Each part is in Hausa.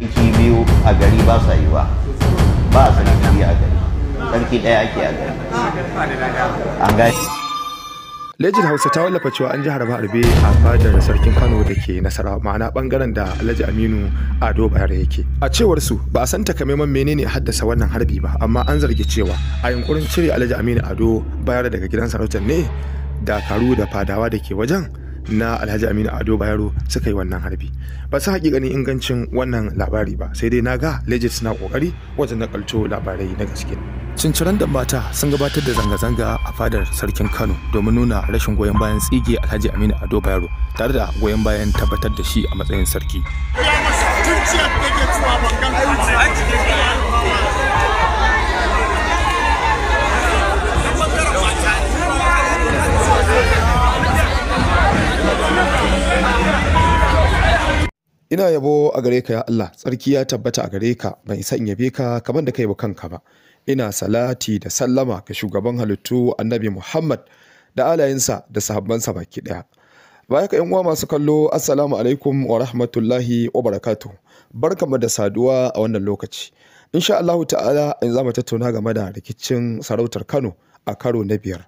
iki biyu a gari ba sa yi ba a sarki a gari sarki ɗaya ake a gari an gashi lejin hausa ta wallafa cewa an ji harba harbe a fadar sarkin kano da ke nasara ma'ana bangaren da alhaji aminu ado bayar yake a cewar su ba a san takamaiman menene haddasa wannan harbi ba amma an zargi cewa a yunkurin cire alhaji aminu ado bayar daga gidan sarautar ne dakaru da fadawa da ke wajen na alhaji aminu ado bayero suka yi wannan harbi ba su hakikanin ingancin wannan labari ba sai dai na ga legit na kokari wajen na ƙalto labarai na gaske cinciran da mata sun gabatar da zanga-zanga a fadar sarkin kano domin nuna rashin goyon bayan tsige alhaji aminu ado bayero tare da goyon bayan tabbatar da shi a matsayin sarki ina yabo a gare ka ya Allah tsarki ya tabbata a gare ka ban isa in yabe ka kamar da kai ba kanka ba ina salati da sallama ga shugaban halittu annabi Muhammad da alayensa da sahabbansa baki daya baya ka uwa masu kallo assalamu alaikum wa rahmatullahi wa barakatuh barkamu da saduwa a wannan lokaci insha Allah ta'ala in za mu tattauna game da rikicin sarautar Kano a karo na biyar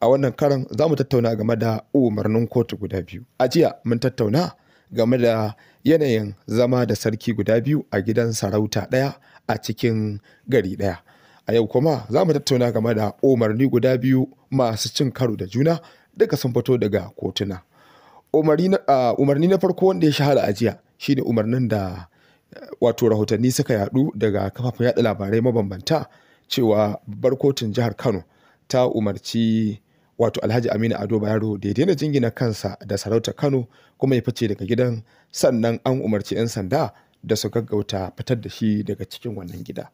a wannan karan zamu tattauna game da umarnin kotu guda biyu a jiya mun tattauna game da yanayin zama da sarki guda biyu a gidan sarauta ɗaya a cikin gari ɗaya a yau kuma za mu tattauna game da umarni guda biyu masu cin karo da juna duka sun fito daga kotuna umarni na ah, farko wanda ya shahara a jiya shine umarnin da wato rahotanni suka yadu daga kafafen yada labarai mabambanta cewa babbar kotun jihar kano ta umarci wato alhaji aminu ado bayaro da ya daina jingina kansa da sarauta kano kuma ya fice daga gidan sannan an umarci 'yan sanda da su gaggauta fitar da shi daga cikin wannan gida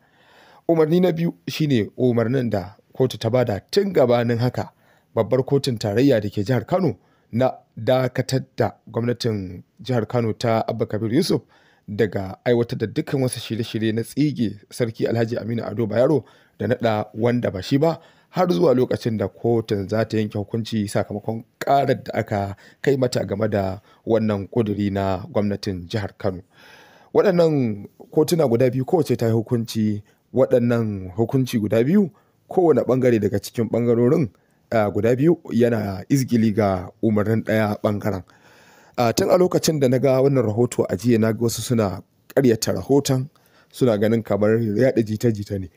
umarni na biyu shine umarnin da kotu ta bada tun gabanin haka babbar kotun tarayya da ke jihar kano na dakatar da gwamnatin jihar kano ta abba kabir yusuf daga aiwatar da dukkan wasu shirye-shirye na tsige sarki alhaji aminu ado bayaro da naɗa wanda ba shi ba har zuwa lokacin da kotun za ta yanke hukunci sakamakon karar da aka kai mata game da wannan kuduri na gwamnatin jihar kano waɗannan kotuna guda biyu kowace ta yi hukunci waɗannan hukunci guda biyu kowane ɓangare daga cikin ɓangarorin guda biyu yana izgili ga umarnin ɗaya ɓangaren tun a lokacin da na ga wannan rahoto a jiya na ga wasu suna karyata rahoton suna ganin kamar yaɗa jita-jita ne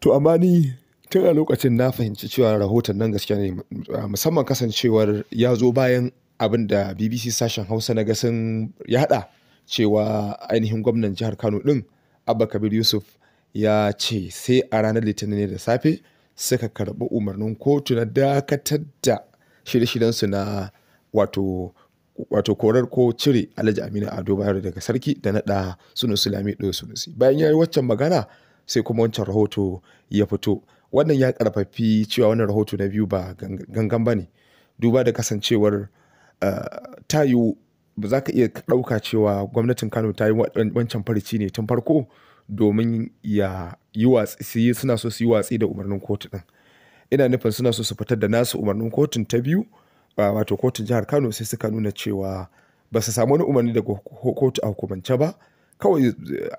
to amma ni tun a lokacin na fahimci cewa rahoton nan gaskiya ne ah, musamman kasancewar ya zo bayan abin da bbc sashen hausa na gasin ya hada cewa ainihin gwamnan jihar kano din abba kabir yusuf ya ce sai a ranar litinin ne da safe suka karɓi umarnin kotu na dakatar da shirye-shiryensu na wato wato korar ko cire alhaji aminu ado bayar daga sarki da naɗa sunusi lami ɗo sunusi bayan ya yi waccan magana sai kuma wancan rahoto ya fito wannan ya karfafi cewa wannan rahoto na biyu ba gangan ba ne duba da kasancewar eh, ta yi ba za ka iya ɗauka cewa gwamnatin kano ta yi wancan farici ne tun farko domin ya yi watsi suna so su yi watsi da umarnin kotu ɗin ina nufin suna so su fitar da nasu umarnin kotun ta biyu wato kotun jihar kano sai suka nuna cewa ba su samu wani umarni daga kotu a hukumance ba kawai eh,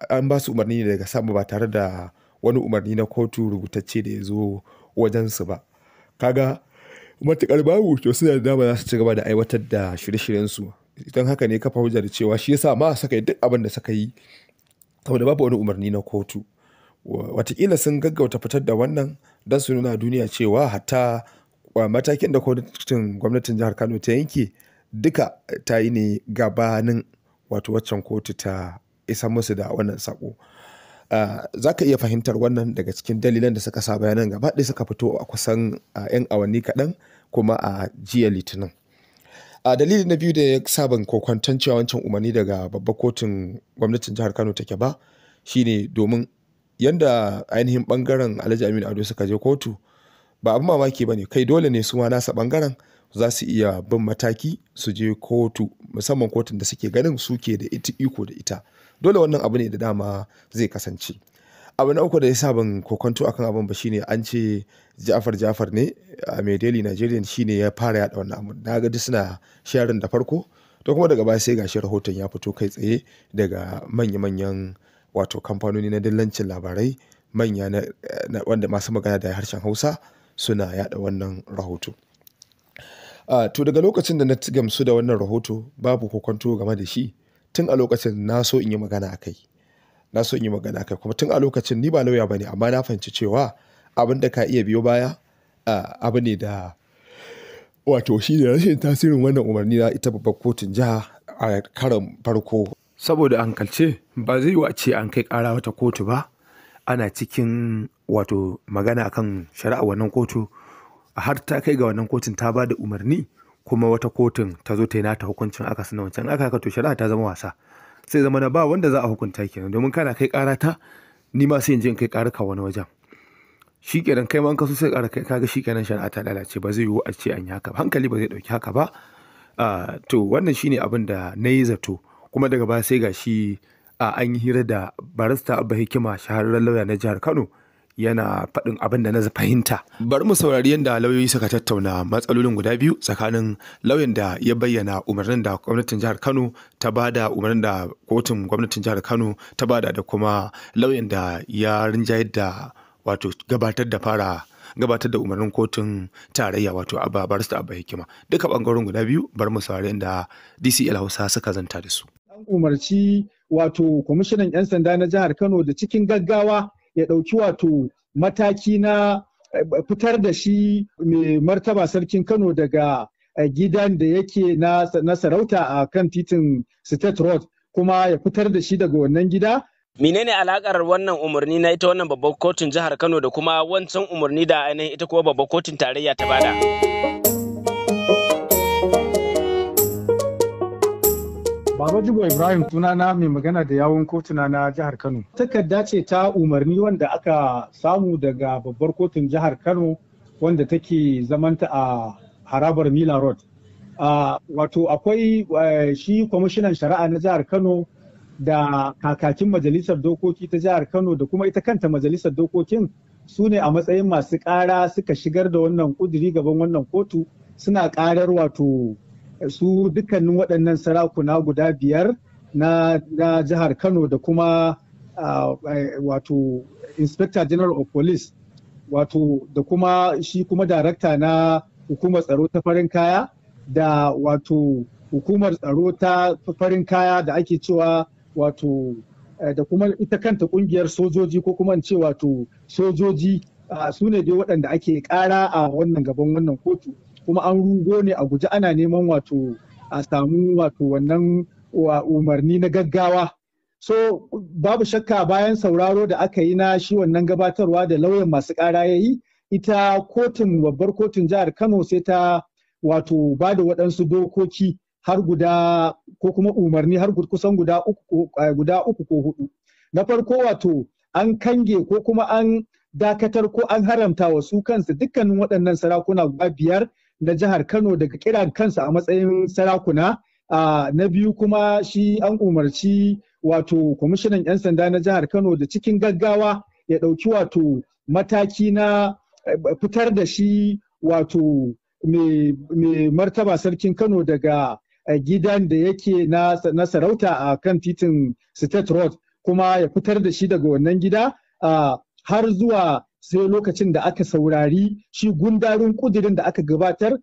an ba su umarni ne daga sama ba tare da wani umarni na kotu rubutacce da ya zo wajensu ba kaga matuƙar babu to suna da dama za su ci gaba da aiwatar da shirye shiryen su don haka ne kafa hujjar cewa shi yasa ma saka yi duk abin da suka yi saboda babu wani umarni na kotu watakila sun gaggauta fitar da wannan don su nuna duniya cewa hatta matakin da kotun gwamnatin jihar kano ta yanke duka ta yi ne gabanin wato waccan kotu ta isa musu da wannan sako za ka iya fahimtar wannan daga cikin dalilan da suka sa bayanan gaba ɗaya suka fito a kusan 'yan awanni kaɗan kuma a jiya litinin a dalilin na biyu da ya saban kokwanton cewa wancan umarni daga babbar kotun gwamnatin jihar kano take ba shine domin yanda ainihin bangaren alhaji aminu ado suka je kotu ba abin mamaki ba ne kai dole ne su ma nasa bangaren za su iya bin mataki su je kotu musamman kotun da suke ganin suke da ita iko da ita dole wannan abu ne da dama zai kasance abu na uku da ya sa ban kokonto akan abin ba shine an ce Ja'far Ja'far ne a mai Nigerian shine ya fara yada wannan abu na ga suna sharing da farko to kuma daga baya sai gashi rahoton ya fito kai tsaye daga manya-manyan wato kamfanoni na dillancin labarai manya na, wanda masu magana da harshen Hausa suna yada wannan rahoto ah, to daga lokacin da na gamsu da wannan rahoto babu kokonto game da shi tun a lokacin na so in yi magana a kai na so in yi magana a kai kuma tun a lokacin ni ba lauya ba ne amma na fahimci cewa abin da ka iya biyo baya abu ne da wato shi ne rashin tasirin wannan umarni na ita babbar kotun jiha a karan farko saboda an kalce ba zai a ce an kai kara wata kotu ba ana cikin wato magana akan shari'a wannan kotu har ta kai ga wannan kotun ta ba da umarni kuma wata kotun ta zo ta yi nata hukuncin aka wancan aka haka to shari'a ta zama wasa sai zama na ba wanda za a hukunta kenan domin kana kai kara ta ni ma sai in je in kai ƙara ka wani wajen shi kenan kai ma in sai kara kai kaga shi kenan shari'a ta lalace ba zai yiwu a ce an yi haka ba hankali ba zai dauki haka ba to wannan shine abin da na yi zato kuma daga baya sai ga shi an yi hira da barista abba hikima shahararren lauya na jihar kano yana faɗin abin da na fahimta. Bari mu saurari yadda lauyoyi suka tattauna matsalolin guda biyu tsakanin lauyan da ya bayyana umarnin da gwamnatin jihar Kano ta bada umarnin da kotun gwamnatin jihar Kano ta bada da kuma lauyan da ya rinjayar da wato gabatar da fara gabatar da umarnin kotun tarayya wato abba barista abba hikima duka bangaren guda biyu bar mu saurari da DCL Hausa suka zanta da su. An umarci wato kwamishinan 'yan sanda na jihar Kano da cikin gaggawa ya ɗauki wato mataki na eh, fitar da shi mai martaba sarkin Kano daga eh, gidan da yake na sarauta a kan titin State Road kuma ya fitar da shi daga wannan gida. Menene alakar wannan umarni na ita wannan babbar kotun jihar Kano da kuma wancan umarni da ainihin ita kuma babbar kotun tarayya ta bada? Baba Jibo Ibrahim sunana mai magana da yawun kotuna na jihar Kano. Takarda ce ta umarni wanda aka samu daga babbar kotun jihar Kano wanda take zamanta a harabar Mila Road. Wato akwai eh, shi kwamishinan shari'a na jihar Kano da kakakin majalisar dokoki ta jihar Kano da kuma ita kanta majalisar dokokin su ne a matsayin masu ƙara suka shigar da wannan gaban wannan kotu suna ƙarar wato su dukkanin waɗannan sarakuna guda biyar na, na jihar kano da kuma uh, wato inspector general of police wato da kuma shi kuma darakta na hukumar tsaro ta farin kaya da wato hukumar tsaro ta farin kaya da ake cewa wato eh, da kuma ita kanta kungiyar sojoji ko kuma ce wato sojoji su ne dai waɗanda ake ƙara a wannan gaban wannan kotu kuma an rungo ne a guji ana neman wato a samu wato wannan umarni na gaggawa so babu shakka bayan sauraro da aka yi na shi wannan gabatarwa da lauyan masu ƙara ya yi ita kotun babbar kotun jihar kano sai ta wato ba da waɗansu dokoki har guda ko kuma umarni har kusan guda uku ko eh, hudu na farko wato an kange ko kuma an dakatar ko an haramta wa su kansu dukkanin waɗannan sarakuna guda biyar na jihar Kano daga kiran kansa a matsayin sarakuna. Na biyu kuma shi an umarci wato kwamishinan 'yan sanda na jihar Kano da cikin gaggawa ya ɗauki wato mataki na eh, fitar da shi wato mai martaba sarkin Kano daga eh, gidan da yake na sarauta a kan titin State Road kuma ya fitar da shi daga wannan gida ah, har zuwa sai lokacin da aka saurari shi gundarin kudirin da aka gabatar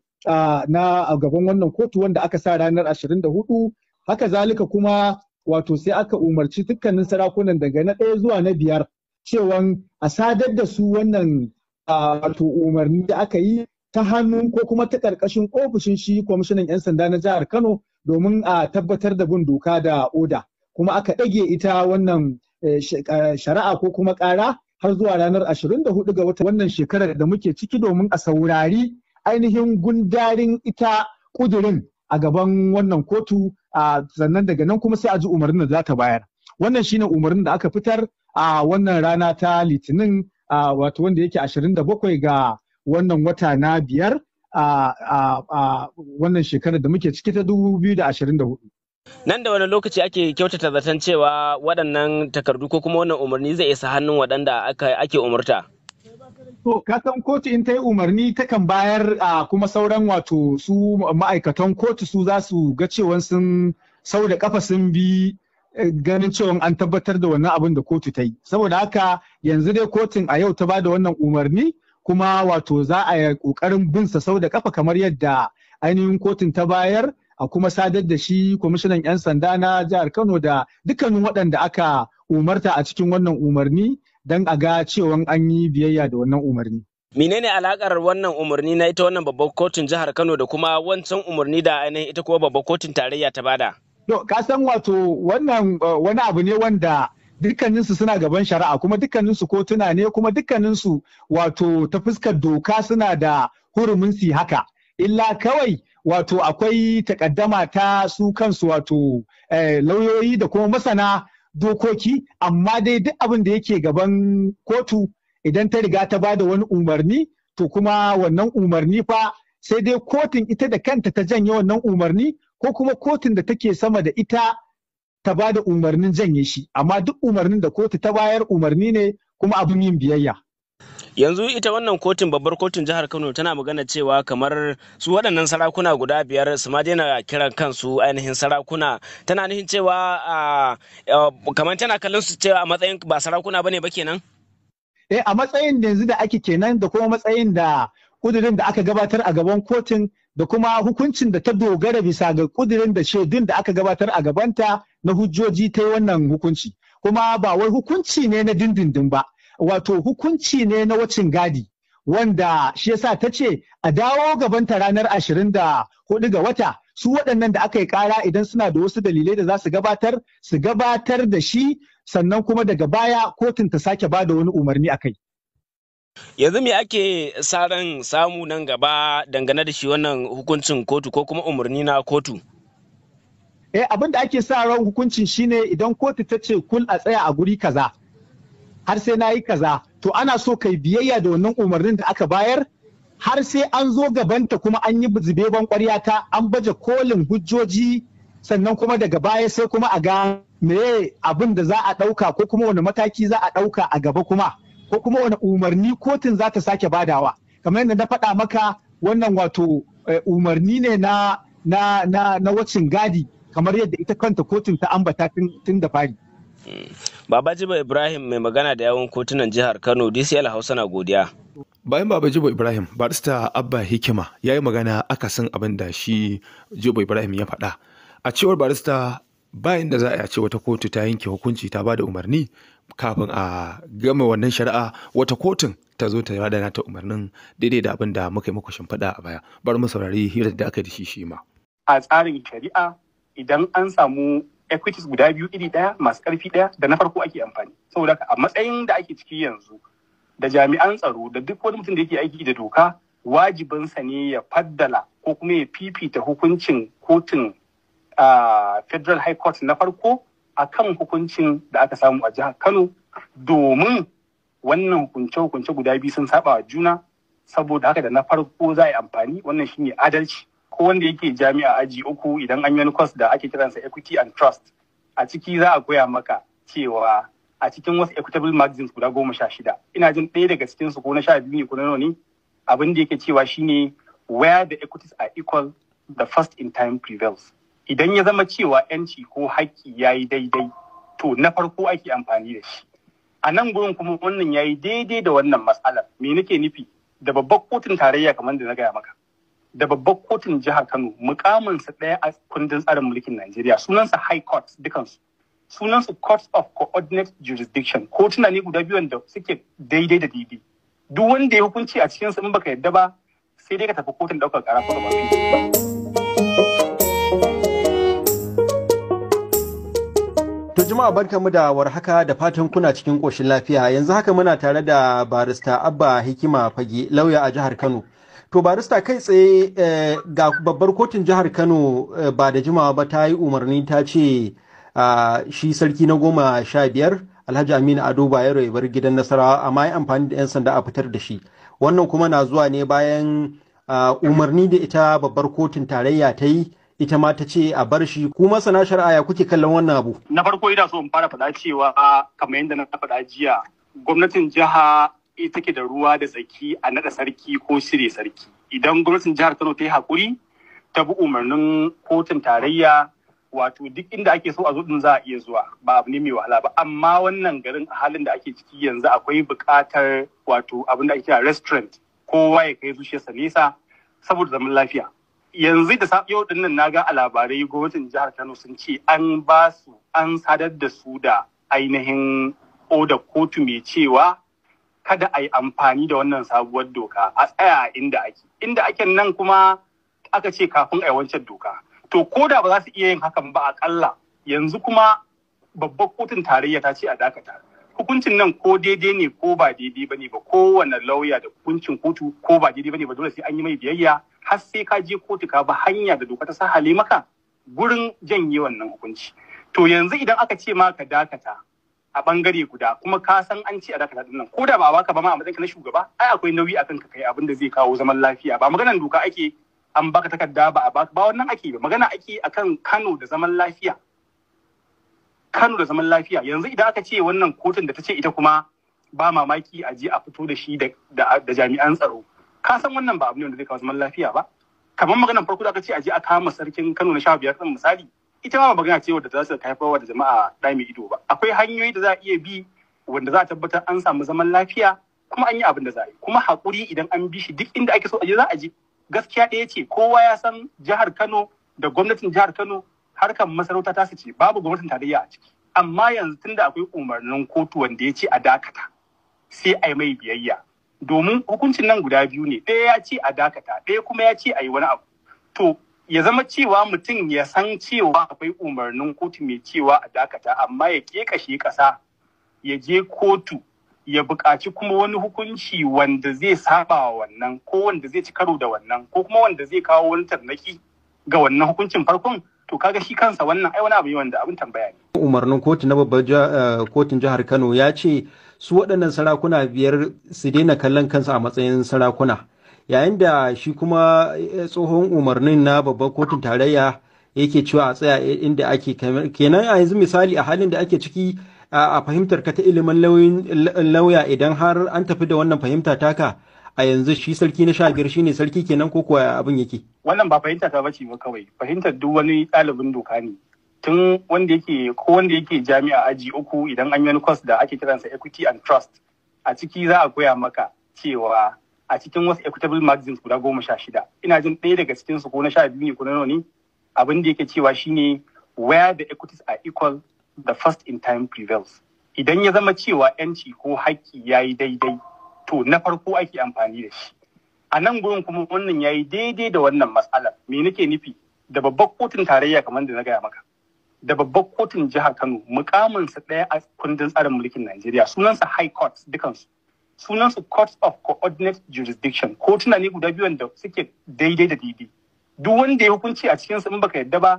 na gaban wannan kotu wanda aka sa ranar 24 haka zalika kuma wato sai aka umarci dukkanin sarakunan daga na ɗaya zuwa na biyar cewan a sadar da su wannan wato umarni da aka yi ta hannun ko kuma ta ƙarƙashin ofishin shi kwamishinan 'yan sanda na jihar kano domin a tabbatar da bin doka da oda kuma aka ɗage ita wannan eh, eh, shari'a ko kuma ƙara har zuwa ranar 24 ga watan wannan shekarar da muke ciki domin a saurari ainihin gundarin ita kudurin a gaban wannan kotu a sannan daga nan kuma sai a ji umarnin da za ta bayar wannan shine umarnin da aka fitar a wannan rana ta litinin wato wanda yake 27 ga wannan wata na biyar a wannan shekarar da muke ciki ta 2024 nan da wani lokaci ake kyautata zaton cewa waɗannan takardu ko kuma wannan umarni zai isa hannun waɗanda ake umarta To, san kotu in ta yi umarni takan bayar a kuma sauran wato su ma'aikatan kotu su za su ga cewa sun sau da kafa sun bi eh, ganin cewa an tabbatar da wannan abin da kotu ta yi. Saboda haka yanzu dai kotun a yau ta ba da wannan umarni kuma wato za a yi ƙoƙarin binsa sau da kafa kamar yadda ainihin kotun ta bayar a kuma sadar da shi kwamishinan 'yan sanda na jihar Kano da dukkanin waɗanda aka umarta a cikin wannan umarni don a ga cewa an yi biyayya da wannan umarni. Menene alakar wannan umarni na ita wannan babbar kotun jihar Kano da kuma wancan umarni da ainihin ita kuma babbar kotun tarayya ta bada? ka san wato wannan eh, wani abu ne wanda dukkaninsu suna gaban shari'a kuma dukkaninsu kotuna ne kuma dukkaninsu wato ta fuskar doka suna da hurumin si haka illa kawai wato akwai takaddama ta su kansu wato eh, lauyoyi da kuma masana dokoki amma dai duk abin da yake gaban kotu idan ta riga ta ba da wani umarni to kuma wannan umarni fa sai dai kotun ita da kanta ta janye wannan umarni ko kuma kotun da take sama da ita ta ba da umarnin janye shi amma duk umarnin da kotu ta bayar umarni ne kuma abin yin biyayya. yanzu ita wannan kotun babbar kotun jihar kano tana magana cewa kamar su waɗannan sarakuna guda biyar su ma daina kiran kansu ainihin sarakuna tana nufin cewa kamar tana kallon su cewa a matsayin ba sarakuna bane ba kenan eh a matsayin da yanzu da ake kenan da kuma matsayin da kudirin da aka gabatar a gaban kotun da kuma hukuncin da ta dogara bisa ga kudirin da shaidun da aka gabatar a gabanta na hujjoji ta wannan hukunci kuma ba wai hukunci ne na dindindin ba wato hukunci ne na wacin gadi wanda shi yasa ta ce a dawo gabanta ranar 24 ga wata su waɗannan da aka yi ƙara idan suna da wasu dalilai da za su gabatar su gabatar da shi sannan kuma daga baya kotun ta sake ba da wani umarni a kai. yanzu me ake sa ran samu nan gaba dangane da shi wannan hukuncin kotu ko kuma umarni na kotu eh abin da ake sa ran hukuncin shine idan kotu ta ce kul a tsaya a guri kaza har sai na yi kaza to ana so kai biyayya da wannan umarnin da aka bayar har sai an zo gabanta kuma an yi zubeban kwarya ta an baje kolin hujjoji sannan kuma daga baya sai kuma a ga me abin da za a ɗauka ko kuma wani mataki za a ɗauka a gaba kuma ko kuma wani umarni kotun za ta sake badawa kamar yadda na faɗa maka wannan wato eh, umarni ne na na na, na wacin gadi kamar yadda ita kanta kotun ta ambata tun da fari Hmm. Babajibo Ibrahim mai magana da yawon kotunan jihar Kano DCL Hausa na godiya. Bayan Baba Jibo Ibrahim, barista Abba Hikima ya yi magana akasin abin da shi Jibo Ibrahim ya faɗa. A cewar barista bayan da za a ce wata kotu ta yanke hukunci ta ba da umarni kafin a gama wannan shari'a wata kotun ta zo ta yada ta umarnin daidai da abin da muka yi muku shimfiɗa a baya bar mu saurari hirar da aka da shi shi ma. A tsarin shari'a idan an samu equities guda biyu iri ɗaya masu karfi ɗaya da na farko ake amfani saboda a matsayin da ake ciki yanzu da jami'an tsaro da duk wani mutum da yake aiki da doka wajibinsa ne ya faddala ko kuma ya fifita hukuncin kotun federal high court na farko a kan hukuncin da aka samu a jihar kano domin wannan hukunce-hukunce guda biyu sun saba wa juna saboda haka da na farko za a yi amfani wannan shine adalci ko wanda yake jami'a aji uku idan an yi wani course da ake kiransa equity and trust a ciki za a koya maka cewa a cikin wasu equitable magazines guda goma sha shida ina jin ɗaya daga cikin su ko na sha biyu ne ko na nawa ne abin da yake cewa shine where the equities are equal the first in time prevails idan ya zama cewa yanci ko haƙƙi ya yi daidai to na farko ake amfani da shi a nan gurin kuma wannan ya yi daidai da wannan matsalar me nake nufi da babbar kotun tarayya kamar da na gaya maka da babbar kotun jihar Kano mukaminsa ɗaya a kundin tsarin mulkin Najeriya sunansa High Court dukansu sunansu Court of Coordinate Jurisdiction kotuna ne guda biyu da suke daidai da daidai duk wanda ya hukunci a cikin in baka yadda ba sai dai ka tafi kotun ɗaukar ƙara ko ba To jama'a mu da warhaka da fatan kuna cikin ƙoshin lafiya yanzu haka muna tare da barista Abba Hikima Fage lauya a jihar Kano. To barista kai tsaye eh, ga babbar kotun jihar Kano eh, ba da jimawa ba ta yi umarni ta ce ah, shi sarki na goma sha biyar Alhaji Aminu Ado ba ya bar gidan Nasarawa amma ya amfani da 'yan sanda a fitar da shi. Wannan kuma na zuwa ne bayan ah, umarni da ita babbar kotun tarayya ta yi ita ma ta ce a bar shi ku sana shari'a ya kuke kallon wannan abu. Na farko ina so in fara faɗa cewa kamar yadda na faɗa jiya gwamnatin jiha take da ruwa da tsaki a naɗa sarki ko shirye sarki. Idan gwamnatin jihar Kano ta yi haƙuri ta bi umarnin kotun tarayya wato duk inda ake so a zo din za a iya zuwa ba abu ne mai wahala ba amma wannan garin a halin da ake ciki yanzu akwai buƙatar wato abin da ake kira restaurant kowa ya kai zuciyarsa nesa saboda zaman lafiya yanzu da yau din nan naga a labarai gwamnatin jihar Kano sun ce an ba su an sadar da su da ainihin oda kotu mai cewa kada a yi amfani da wannan sabuwar doka a tsaya inda ake inda ake nan kuma aka ce kafin a yi wancan doka to ko da ba za su iya yin hakan ba a kalla yanzu kuma babbar kotun tarayya ta ce a dakata hukuncin nan ko daidai ne ko ba daidai ne ba kowane lauya da hukuncin kotu ko ba daidai ne ba dole sai an yi mai biyayya har sai ka je kotu ka ba hanya da doka ta sahale maka gurin janye wannan hukunci to yanzu idan aka ce ma ka dakata a bangare guda kuma ka san an ce a daka nan ko da ba a baka ba ma a matsayin na shugaba ai akwai nauyi akan ka kai abin da zai kawo zaman lafiya ba maganan doka ake an baka takarda ba a baka ba wannan ake ba magana ake akan Kano da zaman lafiya Kano da zaman lafiya yanzu idan aka ce wannan kotun da ta ce ita kuma ba mamaki a je a fito da shi da jami'an tsaro ka san wannan ba abu ne zai kawo zaman lafiya ba kamar maganar farko da aka ce a je a kama sarkin Kano na 15 biyar misali ita ma ba magana ce wadda za su haifar da jama'a dami ido ba akwai hanyoyi da za a iya bi wanda za a tabbatar an samu zaman lafiya kuma an yi abin da za a yi kuma hakuri idan an bi shi duk inda ake so a je za a je gaskiya ɗaya ce kowa ya san jihar Kano da gwamnatin jihar Kano harkar masarauta ta su ce babu gwamnatin tarayya a ciki amma yanzu tunda akwai umarnin kotu wanda ya ce a dakata sai a yi mai biyayya domin hukuncin nan guda biyu ne ɗaya ya ce a dakata ɗaya kuma ya ce a yi wani abu to ya zama cewa mutum ya san cewa akwai umarnin kotu mai cewa a dakata amma ya kashe ƙasa ya je kotu ya buƙaci kuma wani hukunci wanda zai saba wa wannan ko wanda zai ci karo da wannan ko kuma wanda zai kawo wani tarnaki ga wannan hukuncin farkon to kaga shi kansa wannan ai wani abu ne wanda abin tambaya ne umarnin kotu na babbar eh, kotun jihar Kano ya ce su waɗannan sarakuna biyar su daina kallon kansu a matsayin sarakuna yayin da shi kuma eh, tsohon umarnin na babban kotun tarayya yake cewa a tsaya inda ake kenan a yanzu misali a halin da ake ciki a fahimtar ka ta ilimin lauya idan har an tafi da wannan fahimta taka a yanzu shi sarki na sha biyar ne sarki kenan ko kuwa abin yake wannan ba fahimta ta bace ba kawai fahimtar duk wani ɗalibin doka ne tun wanda yake ko wanda yake jami'a aji uku idan an yi wani da ake kiransa equity and trust a ciki za a koya maka cewa a cikin wasu equitable magazines guda goma sha shida ina jin ɗaya daga cikin su ko na sha biyu ne ko na ne abin da yake cewa shine where the equities are equal the first in time prevails idan ya zama cewa yanci ko haƙƙi ya yi daidai to na farko ake amfani da shi a nan gurin kuma wannan ya yi daidai da wannan matsalar me nake nufi da babbar kotun tarayya kamar da na gaya maka da babbar kotun jihar kano mukaminsa ɗaya a kundin tsarin mulkin najeriya sunansa high court dukansu sunan su court of coordinate jurisdiction kotuna ne guda biyu wanda suke daidai da daidai duk wanda ya hukunci a cikin in baka yadda ba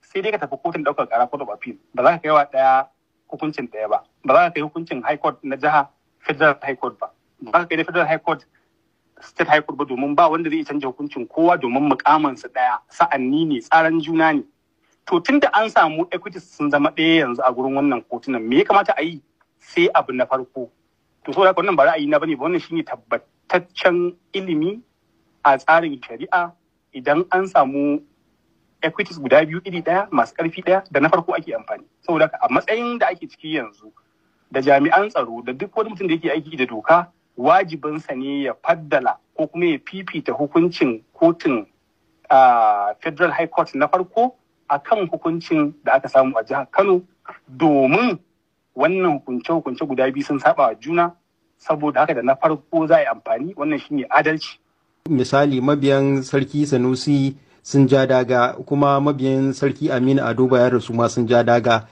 sai dai ka tafi kotun daukar kara court of appeal ba za ka kai wa daya hukuncin daya ba ba za ka kai hukuncin high court na jiha federal high court ba ba za ka kai federal high court state high court ba domin ba wanda zai canza hukuncin kowa domin su daya sa'anni ne tsaran juna ne to tunda an samu equities sun zama ɗaya yanzu a gurin wannan kotunan me ya kamata a yi sai abu na farko to so haka wannan ba ra'ayi na bane ba wannan shine tabbataccen ilimi a tsarin shari'a idan an samu equities guda biyu iri daya masu karfi daya da na farko ake amfani saboda a matsayin da ake ciki yanzu da jami'an tsaro da duk wani mutum da yake aiki da doka wajibinsa ne ya faddala ko kuma ya fifita hukuncin kotun federal high court na farko akan hukuncin da aka samu a jihar kano domin wannan hukunce-hukunce guda biyu sun saba wa juna saboda haka da na farko za a yi amfani wannan shi ne adalci. Misali mabiyan sarki Sanusi sun ja daga kuma mabiyan sarki Aminu Ado Bayero su ma sun ja daga.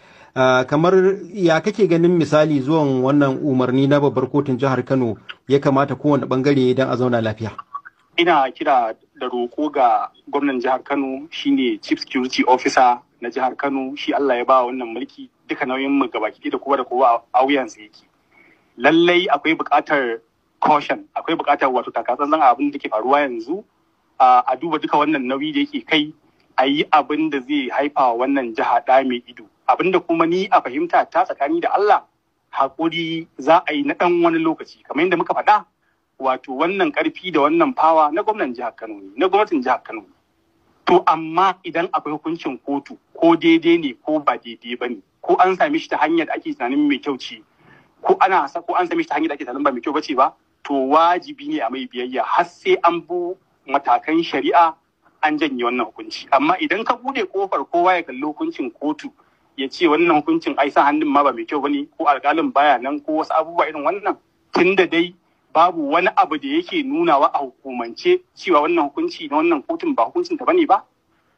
kamar ya kake ganin misali zuwan wannan umarni na babbar kotun jihar Kano ya kamata kowane bangare don a zauna lafiya? Ina kira da roko ga gwamnan jihar Kano shine Chief Security Officer na jihar Kano shi Allah ya ba wannan mulki duka nauyin mu gabaki da kowa da kowa a su yake lallai akwai buƙatar caution akwai buƙatar wato takatsantsan abin da ke faruwa yanzu a duba duka wannan nauyi da yake kai a yi abin da zai haifa wannan jiha ɗa mai ido abin da kuma ni a fahimta ta tsakani da Allah haƙuri za a yi na ɗan wani lokaci kamar yadda muka faɗa wato wannan ƙarfi da wannan fawa na gwamnan jihar Kano ne na gwamnatin jihar Kano ne To amma idan akwai hukuncin kotu ko daidai ne ko ba daidai ba ne ko an same shi ta hanyar ake tunanin mai kyau ce ko ana ko an same shi ta hanyar ake tunanin ba mai kyau bace ba to wajibi ne a mai biyayya har sai an bu matakan shari'a an janye wannan hukunci amma idan ka bude kofar kowa ya kalli hukuncin kotu ya ce wannan hukuncin ai sa hannun ma ba mai kyau ba ne ko alƙalin baya nan ko wasu abubuwa irin wannan tunda dai babu wani abu da yake nunawa a hukumance cewa wannan hukunci na wannan kotun ba hukuncin ta bane ba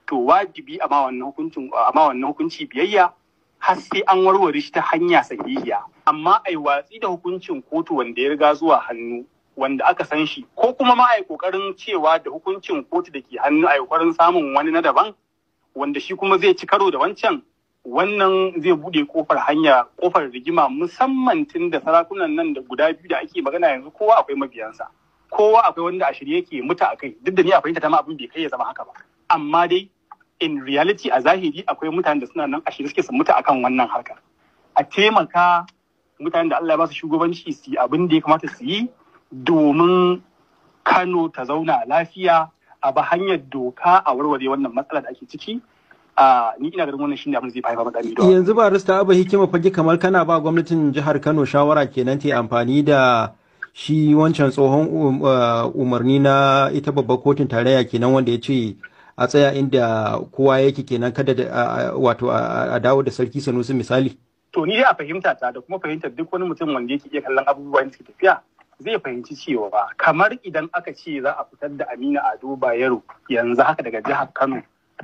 to wajibi a ma wannan hukuncin a ma wannan hukunci biyayya har sai an warware shi ta hanya sahihiya amma ai watsi da hukuncin kotu wanda ya riga zuwa hannu wanda aka san shi ko kuma ma ai kokarin cewa da hukuncin kotu da ke hannu ai kokarin samun wani na daban wanda shi kuma zai ci karo da wancan wannan zai bude kofar hanya kofar rigima musamman tun da sarakunan nan da guda biyu da ake magana yanzu kowa akwai mabiyansa kowa akwai wanda a shirye yake mutu a kai duk da ni a fahimta ta ma abin bai kai ya zama haka ba amma dai in reality a zahiri akwai mutanen da suna nan a shirye suke su muta akan wannan harkar a taimaka mutanen da Allah ya ba su shugabanci su yi abin da ya kamata su yi domin Kano ta zauna lafiya a ba hanyar doka a warware wannan matsala da ake ciki ni ina ganin wannan shine abin zai fahimta madami da yanzu ba rasta abu hikima fage kamar kana ba gwamnatin jihar Kano shawara kenan ta amfani da shi wancan tsohon um, uh, umarni na ita babbar kotun tarayya kenan wanda ya ce a tsaya inda kowa yake kenan kada wato a dawo da sarki sanusi misali to ni dai a fahimta ta da kuma fahimtar duk wani mutum wanda yake iya kallon abubuwan da suke tafiya zai fahimci cewa ba kamar idan aka ce za a fitar da Amina Ado Bayero yanzu haka daga jihar Kano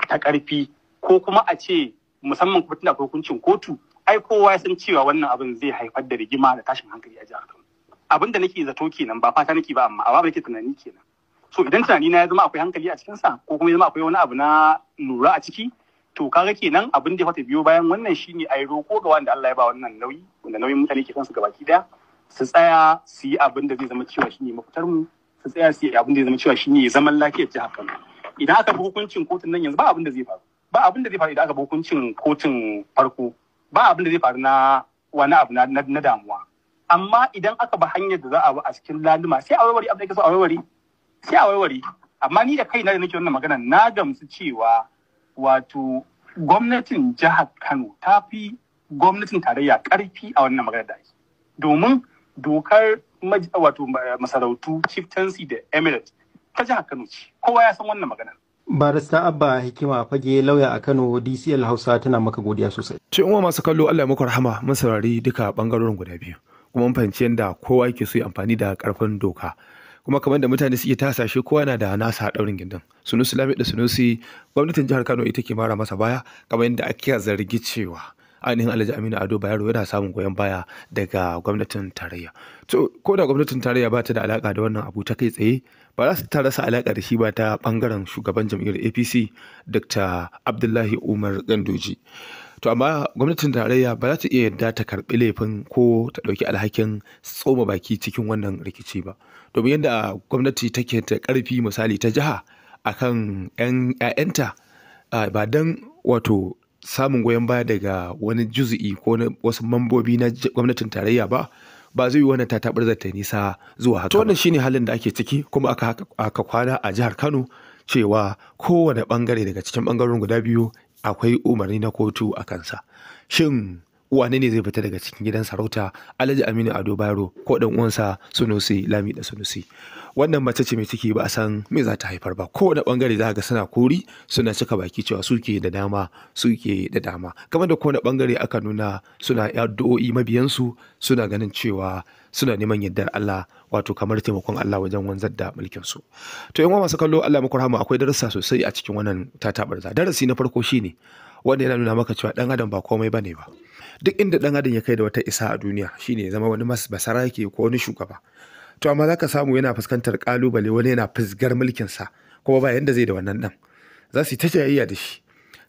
ta karfi ko kuma a ce musamman kuma tunda hukuncin kotu ai kowa ya san cewa wannan abin zai haifar da rigima da tashin hankali a jihar Kano abin da nake zato kenan ba fata nake ba amma abin nake tunani kenan so idan tunani na ya zama akwai hankali a cikin sa ko kuma ya zama akwai wani abu na lura a ciki to kaga kenan abin da ya fata biyo bayan wannan shine ai roko ga wanda Allah ya ba wannan nauyi wanda nauyin mutane ke kansu gabaki daya su tsaya su yi abin da zai zama cewa shine mafitar mu su tsaya su yi abin da zai zama cewa shine zaman lafiyar jihar Kano idan aka bi hukuncin kotun nan yanzu ba abin da zai faru ba abin da zai faru idan aka bi hukuncin kotun farko ba abin da zai faru na wani abu na damuwa amma idan aka ba hanyar da za a bi a cikin laluma sai a warware abin da ke so a warware sai a warware amma ni da kai na da nake wannan magana na gamsu cewa wato gwamnatin jihar Kano ta fi gwamnatin tarayya karfi a wannan magana da ake domin dokar wato masarautu chieftaincy da emirate ta jihar Kano ce kowa ya san wannan magana barista abba hikima fage lauya a kano dcl hausa tana maka godiya sosai ce umma masu kallo allah muku rahama mun saurari duka bangarorin guda biyu kuma mun fahimci yadda kowa yake so amfani da karfin doka kuma kamar da mutane suke tasashe kowa na da nasa daurin gindin sunusi lami da sunusi gwamnatin jihar kano ita ke mara masa baya kamar yadda ake zargi cewa ainihin alhaji aminu ado bayero yana samun goyon baya daga gwamnatin tarayya to ko da gwamnatin tarayya ba ta da alaka da wannan abu ta kai tsaye ba za ta rasa alaƙa da shi ba ta ɓangaren shugaban jam'iyyar apc dr abdullahi umar gandoji to amma gwamnatin tarayya ba za ta iya yarda ta karɓi laifin ko ta ɗauki alhakin tsoma baki cikin wannan rikici ba domin yadda gwamnati take ta ƙarfi misali ta jiha akan 'ya'yanta ba don wato samun goyon baya daga wani juzu'i ko wasu mambobi na gwamnatin tarayya ba ba zai yi wannan ta tabar zata nisa zuwa haka to wannan shine halin da ake ciki kuma aka aka kwana a jihar Kano cewa kowane bangare daga cikin bangaren guda biyu akwai umarni na kotu a kansa shin wane ne zai fita daga cikin gidan sarauta alhaji aminu ado bayero ko dan uwansa sunusi lami da sunusi wannan mace ce mai ciki ba a san me za ta haifar ba kowane bangare za ga suna kori suna cika baki cewa suke da dama suke da dama kamar da kowane bangare aka nuna suna addu'o'i mabiyansu suna ganin cewa suna neman yardar Allah wato kamar taimakon Allah wajen wanzar da mulkin su to yan masu kallo Allah muku rahama akwai darussa sosai a cikin wannan tatabarza darasi na farko shine wanda yana nuna maka cewa dan adam ba komai bane ba duk inda ɗan adam ya kai da wata isa a duniya shine ya zama wani basarake ko wani shugaba to amma zaka samu yana fuskantar kalubale wani yana fisgar sa, kuma ba yanda zai da wannan ɗan za su yi ta jayayya da shi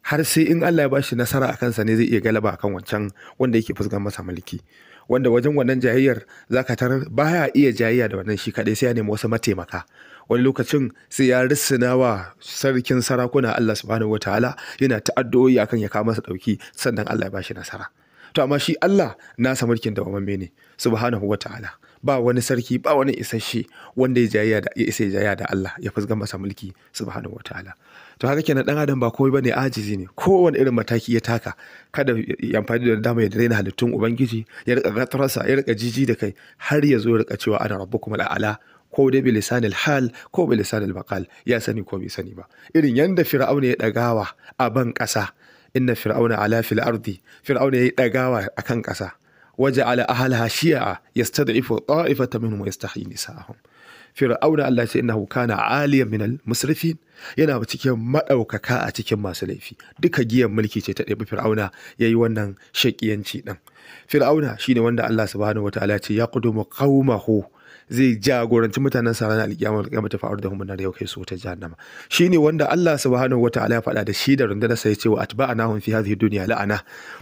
har sai in Allah ya ba shi nasara a kansa ne zai iya galaba akan wancan wanda yake fuskan masa mulki wanda wajen wannan jayayyar zaka tarar baya iya jayayya da wannan shi kadai sai ya nemi wasu mataimaka wani lokacin sai ya risina wa sarkin sarakuna Allah subhanahu ta'ala yana ta'addoyi akan ya kawo masa dauki sannan Allah ya ba shi nasara to amma shi Allah nasa mulkin dawamamme ne subhanahu wataala ba wani sarki ba wani isasshe wanda ya jayya da ya isa jayya da Allah ya fusga masa mulki subhanahu wataala to haka kenan dan adam ba komai bane ajizi ne kowane irin mataki ya taka kada ya amfani da dama ya daina halittun ubangiji ya rika gatarsa ya rika jiji da kai har ya zo ya rika cewa ana rabbukum al'ala ko dai bi lisanil hal ko bi lisanil baqal ya sani ko bai sani ba irin yanda fir'auna ya dagawa a ban kasa inna fir'auna ala fil ardi fir'auna yayi dagawa akan ƙasa waje ala ahalha shi'a yastad'ifu ta'ifata minhum yastahyi nisa'ahum fir'auna Allah ce innahu kana aliyan min al musrifin yana cikin madaukaka a cikin masu laifi duka giyan mulki ce ta ɗebi fir'auna yayi wannan shakiyanci din fir'auna shine wanda Allah subhanahu wataala ce ya qudumu qaumahu zai jagoranci mutanen sa ranar alkiyama alkiyama ta faru da hum nar yau kai su ta jahannama shine wanda Allah subhanahu wataala ya faɗa da shi da rundunar sa yace wa atba'nahum fi hadhihi dunya la'ana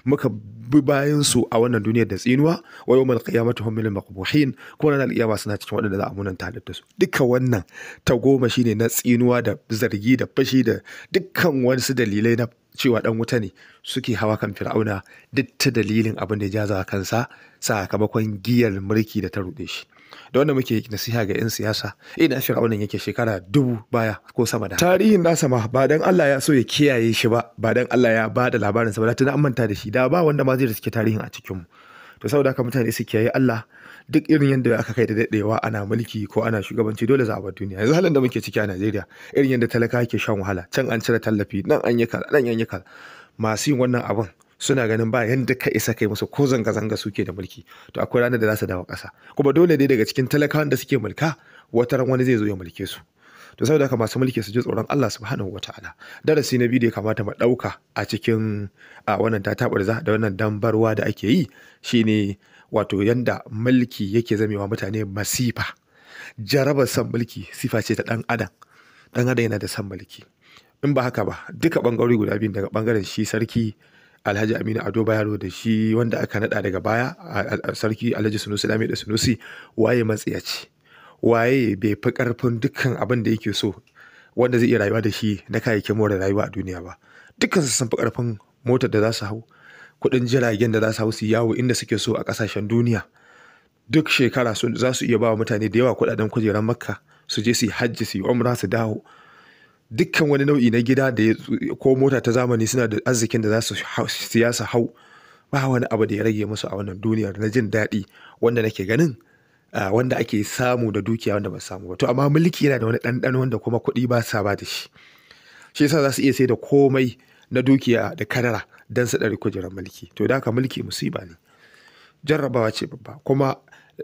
muka bi bayan su a wannan duniyar da tsinuwa wa yawmal qiyamati hum minal maqbuhin kuma ranar alƙiyama suna cikin waɗanda za a munanta da su duka wannan ta goma shine na tsinuwa da zargi da fashi da dukkan wasu dalilai na cewa dan wuta ne suke hawa kan fir'auna duk ta dalilin abin da ya jaza kansa sakamakon giyar mulki da ta ruɗe shi da wanda muke nasiha ga 'yan siyasa ina fir'aunin yake shekara dubu baya ko sama da tarihin nasa ma ba dan Allah ya so ya kiyaye shi ba ba dan Allah ya ba da labarin sa ba tana an manta da shi da ba wanda ma zai suke tarihin a cikin mu to saboda haka mutane su kiyaye Allah duk irin yadda aka kai da dadewa ana mulki ko ana shugabanci dole za a bar duniya yanzu halin da muke ciki a Najeriya irin yadda talaka yake shan wahala can an cire tallafi nan an yi kala nan an yi masu yin wannan abun. suna ganin ba yanda ka isa kai musu ko zanga-zanga suke da mulki to akwai ranar da za su dawo ƙasa kuma dole ne daga cikin talakawan da suke mulka wata ran wani zai zo ya mulke su to saboda haka masu mulki su ji tsoron Allah subhanahu wataala darasi na biyu da ya kamata mu ɗauka a cikin a wannan tatabarza da wannan dambarwa da ake yi shine wato yanda mulki yake zamewa mutane masifa jarabar san mulki sifa ce ta dan adam dan adam yana da san mulki in ba haka ba duka bangarori guda biyu daga ɓangaren shi sarki alhaji aminu ado bayero da shi wanda aka naɗa daga baya sarki alhaji sunusi lami da sunusi waye matsiyaci waye bai fi karfin dukkan abin da yake so wanda zai iya rayuwa da shi na kayayyakin more rayuwa a duniya ba dukkan su sun fi karfin motar da za su hau kuɗin jiragen da za su hau su yawo inda suke so a kasashen duniya duk shekara za su iya ba wa mutane da yawa kudaden kujerar makka su je su yi hajji su yi umra su dawo dukkan wani nau'i na gida da ko mota ta zamani suna da arzikin da za su siyasa hau ba wani abu da ya rage musu a wannan duniyar na jin daɗi wanda nake ganin wanda ake samu da dukiya wanda ba samu ba to amma mulki yana da wani ɗanɗano wanda kuma kuɗi ba sa ba da shi shi yasa za su iya sai da komai na dukiya da kadara don su ɗari kujerar mulki to da haka mulki musiba ne jarrabawa ce babba kuma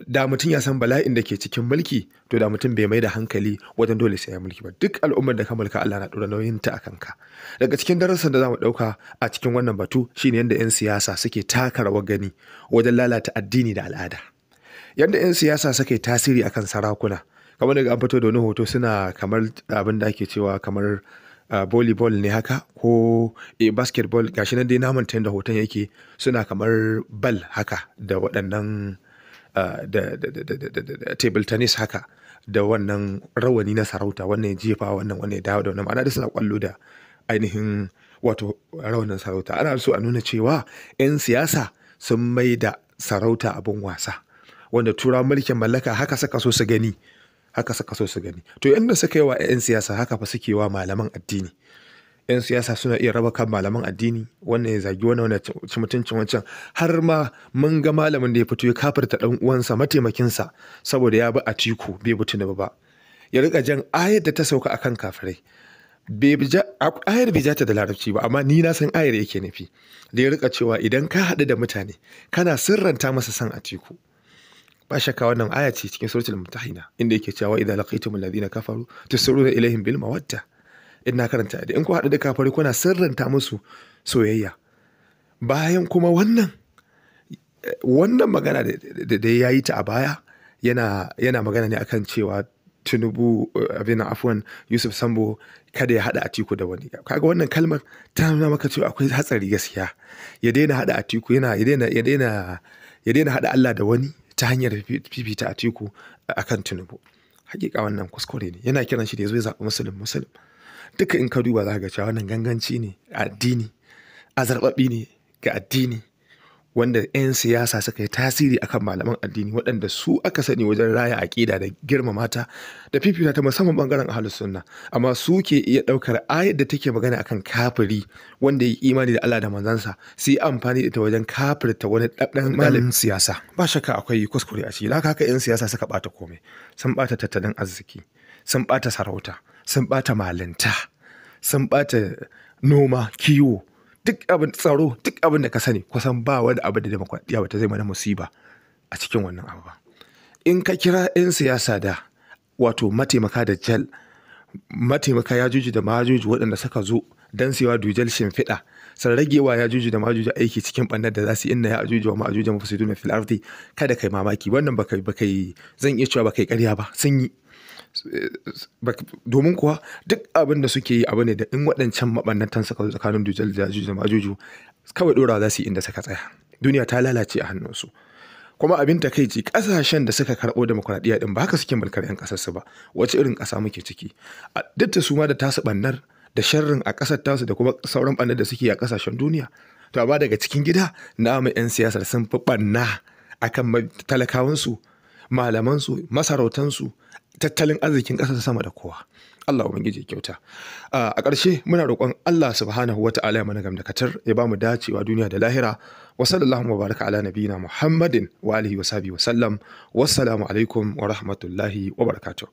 da mutum ya san bala'in da ke cikin mulki to da mutum bai mai da hankali wajen dole sai ya mulki ba duk al'ummar da ka mulka Allah na dora nauyin ta akan ka daga cikin darasin da zamu dauka a cikin wannan batu shine yanda yan siyasa suke taka rawar gani wajen lalata addini da al'ada yanda yan siyasa suke tasiri akan sarakuna kamar daga an fito da wani hoto suna kamar abin da ake cewa kamar ah, volleyball ne haka ko e, basketball gashi nan dai na manta da hoton yake suna kamar bal haka da waɗannan da table tennis haka da wannan rawani na sarauta wannan ya jefa wannan wannan ya dawo da wannan ma'ana da suna kwallo da ainihin wato rawanin sarauta ana so a nuna cewa 'yan siyasa sun mai da sarauta abin wasa wanda tura mulkin mallaka haka suka so su gani haka suka so su gani to yanda suka yi wa 'yan siyasa haka fa suke wa malaman addini 'yan siyasa suna iya raba kan malaman addini wannan ya zagi wani wani ci mutuncin wancan har ma mun ga malamin da ya fito ya kafirta dan uwansa mataimakinsa saboda ya bi a tiku bai bi tunuba ba ya rika jan ayar da ta sauka akan kafirai ayar bai jata da larabci ba amma ni na san ayar yake nufi da ya rika cewa idan ka haɗu da mutane kana sirranta masa san a tiku ba shakka wannan aya ce cikin suratul mutahina inda yake cewa idza laqaytumul ladina kafaru da ilaihim bil wata. in na karanta in ku haɗu da kafari kuna sirranta musu soyayya bayan kuma wannan wannan magana da ya yi ta a baya yana magana ne akan cewa tinubu eh, abin afuwan yusuf sambo kada ya hada atiku da wani kaga wannan kalmar ta nuna maka cewa akwai hatsari gaskiya ya daina haɗa atiku yana ya daina haɗa Allah da wani ta hanyar fifita atiku akan tinubu hakika wannan kuskure ne yana kiran shi da zo ya zaɓi musulun musulun duka in ka duba za ga cewa wannan ganganci ne addini azarbabi ne ga addini wanda 'yan siyasa suka yi tasiri akan malaman addini waɗanda su aka sani wajen raya aƙida da girmama ta da fifita ta musamman ɓangaren ahalus sunna amma su ke iya ɗaukar ayar da take magana akan kafiri wanda ya imani da Allah da manzansa su yi amfani da ta wajen kafirta wani ɗan malamin siyasa ba shakka akwai kuskure a ciki haka haka 'yan siyasa suka ɓata komai sun ɓata tattalin arziki sun ɓata sarauta sun ɓata malinta sun ɓata noma kiwo duk abin tsaro duk abin da ka sani kusan ba wani abu da demokradiyya ba ta zai mana musiba a cikin wannan abu ba in ka kira 'yan siyasa da wato mataimaka da jal mataimaka ya juji da majuji waɗanda suka zo don siwa dujal shimfiɗa sun ragewa ya juji da majuji aiki cikin ɓannar da za su inna ya ajuji wa majuji mafasidu na filardi kada kai mamaki wannan baka yi zan iya cewa baka yi ƙarya ba sun yi domin kuwa duk abin da suke yi abu ne da in waɗancan maɓannatan suka zo tsakanin dujal da juju kawai ɗora za su yi inda suka tsaya duniya ta lalace a hannunsu kuma abin ta kai ce ƙasashen da suka karɓo demokuraɗiyya ɗin ba haka suke mulkar 'yan ƙasarsu ba wace irin ƙasa muke ciki a duk da su da tasu ɓannar da sharrin a ƙasar tasu da kuma sauran ɓannar da suke a ƙasashen duniya to ba daga cikin gida na 'yan siyasar sun fi ɓanna akan talakawansu malamansu masarautansu tattalin arzikin ƙasa sama da kowa Allah ubangiji kyauta a ƙarshe muna roƙon Allah subhanahu wa ta'ala ya mana gamdakatar ya ba mu dacewa duniya da lahira wa sallallahu wa baraka ala nabiyina Muhammadin wa alihi wa sahbihi wa sallam wassalamu alaikum wa rahmatullahi wa barakatuh